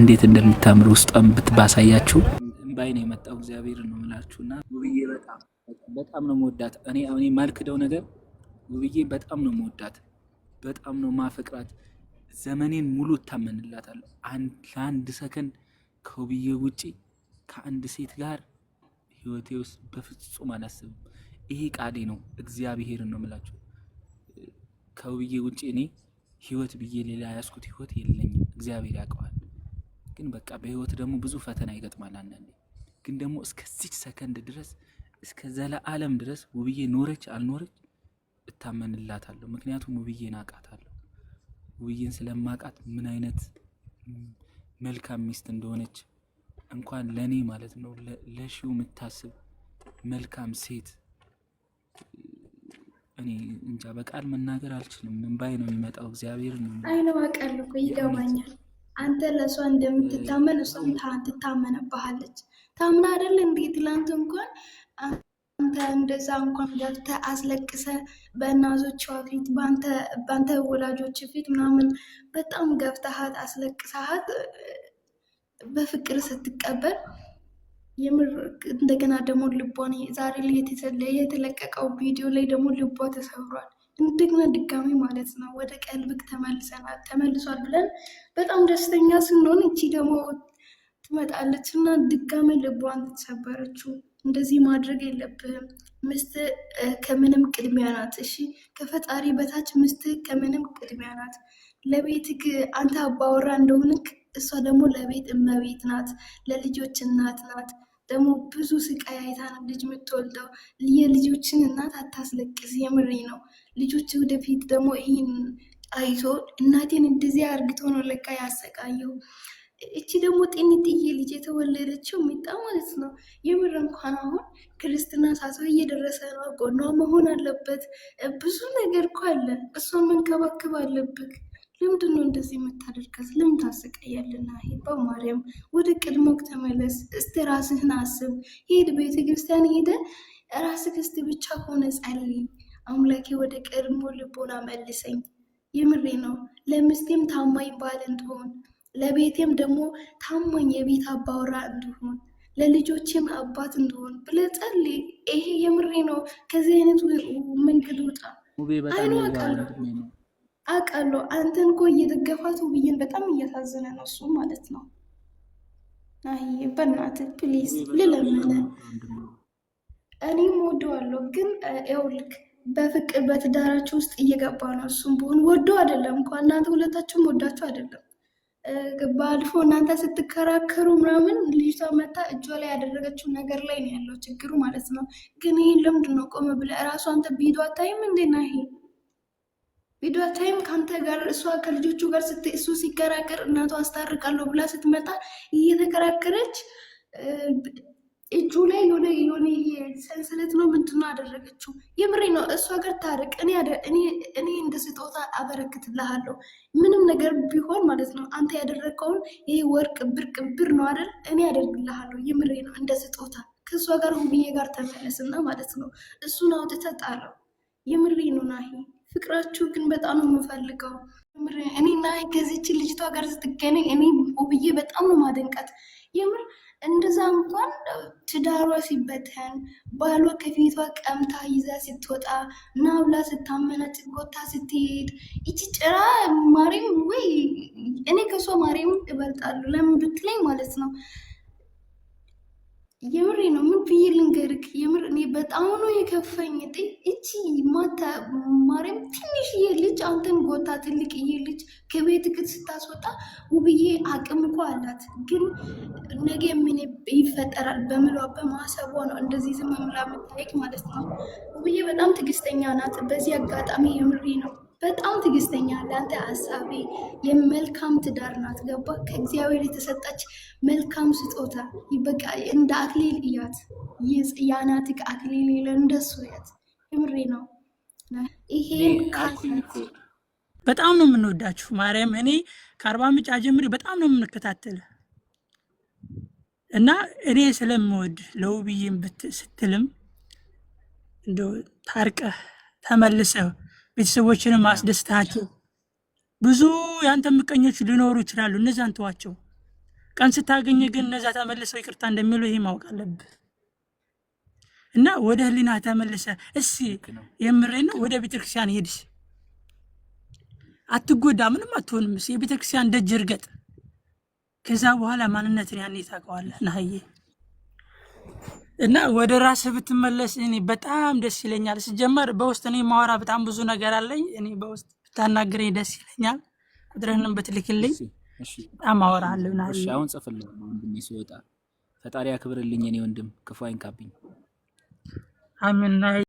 እንዴት እንደምታምር ውስጧን ብትባሳያችሁ እምባይ ነው የመጣው። እግዚአብሔር ነው የምላችሁ እና ውብዬ በጣም በጣም ነው መወዳት። እኔ እኔ ማልክደው ነገር ውብዬ በጣም ነው መወዳት፣ በጣም ነው ማፈቅራት። ዘመኔን ሙሉ እታመንላታለሁ። ለአንድ ሰከንድ ከውብዬ ውጪ ከአንድ ሴት ጋር ህይወቴ ውስጥ በፍጹም አላስብም። ይሄ ቃሌ ነው። እግዚአብሔር ነው ምላችሁ ከውብዬ ውጪ እኔ ህይወት ብዬ ሌላ ያስኩት ህይወት የለኝም። እግዚአብሔር ያውቀዋል። ግን በቃ በህይወት ደግሞ ብዙ ፈተና ይገጥማል። አንዳንዴ ግን ደግሞ እስከዚች ሰከንድ ድረስ እስከ ዘለዓለም ድረስ ውብዬ ኖረች አልኖረች እታመንላታለሁ። ምክንያቱም ውብዬን አውቃታለሁ። ውብዬን ስለማውቃት ምን አይነት መልካም ሚስት እንደሆነች እንኳን ለእኔ ማለት ነው ለሺው የምታስብ መልካም ሴት እኔ እንጃ በቃል መናገር አልችልም። እምባዬ ነው የሚመጣው። እግዚአብሔር ነው አይነው አውቃለሁ ይገባኛል። አንተ ለእሷ እንደምትታመን እሷም ትታመንብሃለች። ታምና አይደል እንዴ? ትላንት እንኳን አንተ እንደዛ እንኳን ገብተ አስለቅሰ በእናዞቿ ፊት በአንተ ወላጆች ፊት ምናምን በጣም ገብተሃት አስለቅሰሃት በፍቅር ስትቀበል የምር እንደገና ደግሞ ልቧን ዛሬ ላይ የተለቀቀው ቪዲዮ ላይ ደግሞ ልቧ ተሰብሯል። እንደገና ድጋሚ ማለት ነው ወደ ቀልብክ ተመልሰናል ተመልሷል ብለን በጣም ደስተኛ ስንሆን እቺ ደግሞ ትመጣለች እና ድጋሚ ልቧን ተሰበረችው። እንደዚህ ማድረግ የለብህም። ምስት ከምንም ቅድሚያ ናት። እሺ ከፈጣሪ በታች ምስት ከምንም ቅድሚያ ናት። ለቤትክ አንተ አባወራ እንደሆንክ እሷ ደግሞ ለቤት እመቤት ናት፣ ለልጆች እናት ናት። ደግሞ ብዙ ስቃይ አይታ ነው ልጅ የምትወልደው። የልጆችን እናት አታስለቅስ። የምሬ ነው። ልጆች ወደፊት ደግሞ ይህን አይቶ እናቴን እንደዚህ አርግቶ ነው ለካ ያሰቃየው። እቺ ደግሞ ጤንጥዬ ልጅ የተወለደችው ሚጣ ማለት ነው። የምር እንኳን አሁን ክርስትና ሳሳ እየደረሰ ነው። ጎኗ መሆን አለበት። ብዙ ነገር እኮ አለ። እሷን መንከባከብ አለብህ። ለምንድን ነው እንደዚህ የምታደርጋት? ለምን ታሰቃያለና? በማርያም ወደ ቀድሞክ ተመለስ። እስቲ ራስህን አስብ። ሄድ፣ ቤተ ክርስቲያን ሄደ ራስህ እስቲ ብቻ ከሆነ ጸልይ። አምላኬ ወደ ቀድሞ ልቦና መልሰኝ። የምሬ ነው። ለምስቴም ታማኝ ባል እንድሆን፣ ለቤቴም ደግሞ ታማኝ የቤት አባወራ እንድሆን፣ ለልጆቼም አባት እንድሆን ብለህ ጸልይ። ይሄ የምሬ ነው። ከዚህ አይነት መንገድ ውጣ። አይኗ ቃል አቀሎ አንተን እኮ እየደገፋት ውብዬን በጣም እያሳዘነ ነው እሱ ማለት ነው። አይ በእናት ፕሊዝ ልለምነ እኔም ወደዋለሁ፣ ግን ኤውልክ በፍቅር በትዳራችሁ ውስጥ እየገባ ነው። እሱም ቢሆን ወዶ አይደለም እኮ እናንተ ሁለታችሁም ወዳችሁ አይደለም። ባልፎ እናንተ ስትከራከሩ ምናምን ልጅቷ መታ እጇ ላይ ያደረገችው ነገር ላይ ነው ያለው ችግሩ ማለት ነው። ግን ይህን ለምንድን ነው ቆመ ብለ እራሱ አንተ ቢሄዱ አታይም እንዴና ይሄ ቪዲዮ ታይም ከአንተ ጋር እሷ ከልጆቹ ጋር እሱ ሲከራከር እናቷ አስታርቃለሁ ብላ ስትመጣ እየተከራከረች እጁ ላይ የሆነ የሆነ ሰንሰለት ነው ምንድነ አደረገችው። የምሬ ነው። እሷ ጋር ታርቅ፣ እኔ እንደ ስጦታ አበረክትልሃለሁ። ምንም ነገር ቢሆን ማለት ነው አንተ ያደረገውን ይህ ወርቅ ብር ነው አይደል? እኔ ያደርግልሃለሁ። የምሬ ነው። እንደ ስጦታ ከእሷ ጋር ሁብዬ ጋር ተመለስና ማለት ነው እሱን አውጥተህ ጣለው። የምሬ ነው ናሂ ፍቅራችሁ ግን በጣም ነው የምፈልገው። እኔ እና ከዚች ልጅቷ ጋር ስትገናኝ እኔ ውብዬ በጣም ነው ማደንቃት። የምር እንደዛ እንኳን ትዳሯ ሲበተን ባሏ ከፊቷ ቀምታ ይዛ ስትወጣ ናብላ ስታመናት ጎታ ስትሄድ ይቺ ጭራ ማሪም ወይ እኔ ከሷ ማሪም እበልጣሉ ለምን ብትለኝ ማለት ነው የምሬ ነው። ምን ብዬ ልንገርክ? የምር እኔ በጣም ነው የከፈኝ። ጤ እቺ ማታ ማርያም ትንሽዬ ልጅ አንተን ጎታ ትልቅዬ ልጅ ከቤት ግድ ስታስወጣ ውብዬ አቅም እኮ አላት፣ ግን ነገ ምን ይፈጠራል በምሏ በማሰቧ ነው እንደዚህ ዝም ምላ የምታየቅ ማለት ነው። ውብዬ በጣም ትዕግስተኛ ናት። በዚህ አጋጣሚ የምሬ ነው በጣም ትግስተኛ፣ ለአንተ አሳቢ የመልካም ትዳር ናት። ገባ ከእግዚአብሔር የተሰጠች መልካም ስጦታ በቃ እንደ አክሊል እያት የጽያናትክ አክሊል የለ እንደሱ ያት ምሬ ነው። ይሄን በጣም ነው የምንወዳችሁ ማርያም። እኔ ከአርባ ምንጭ ጀምሬ በጣም ነው የምንከታተል እና እኔ ስለምወድ ለውብዬም ስትልም እንደ ታርቀህ ተመልሰህ ቤተሰቦችንም አስደስታቸው። ብዙ የአንተ ምቀኞች ሊኖሩ ይችላሉ፣ እነዛን ተዋቸው። ቀን ስታገኘ ግን እነዛ ተመልሰው ይቅርታ እንደሚሉ ይሄ ማወቅ አለብህ እና ወደ ህሊና ተመልሰ እስ የምሬ ነው። ወደ ቤተክርስቲያን ሄድስ አትጎዳ፣ ምንም አትሆንም። የቤተክርስቲያን ደጅ እርገጥ። ከዛ በኋላ ማንነትን ያኔ ታውቀዋለህ ናህዬ እና ወደ ራስ ብትመለስ እኔ በጣም ደስ ይለኛል። ስጀመር በውስጥ እኔ ማወራ በጣም ብዙ ነገር አለኝ። እኔ በውስጥ ብታናግረኝ ደስ ይለኛል። ቁጥርህንም ብትልክልኝ በጣም አወራለሁ። አሁን ጽፍልህ ወንድሜ ሲወጣ ፈጣሪ አክብርልኝ። እኔ ወንድም ክፉ አይንካብኝ። አሚን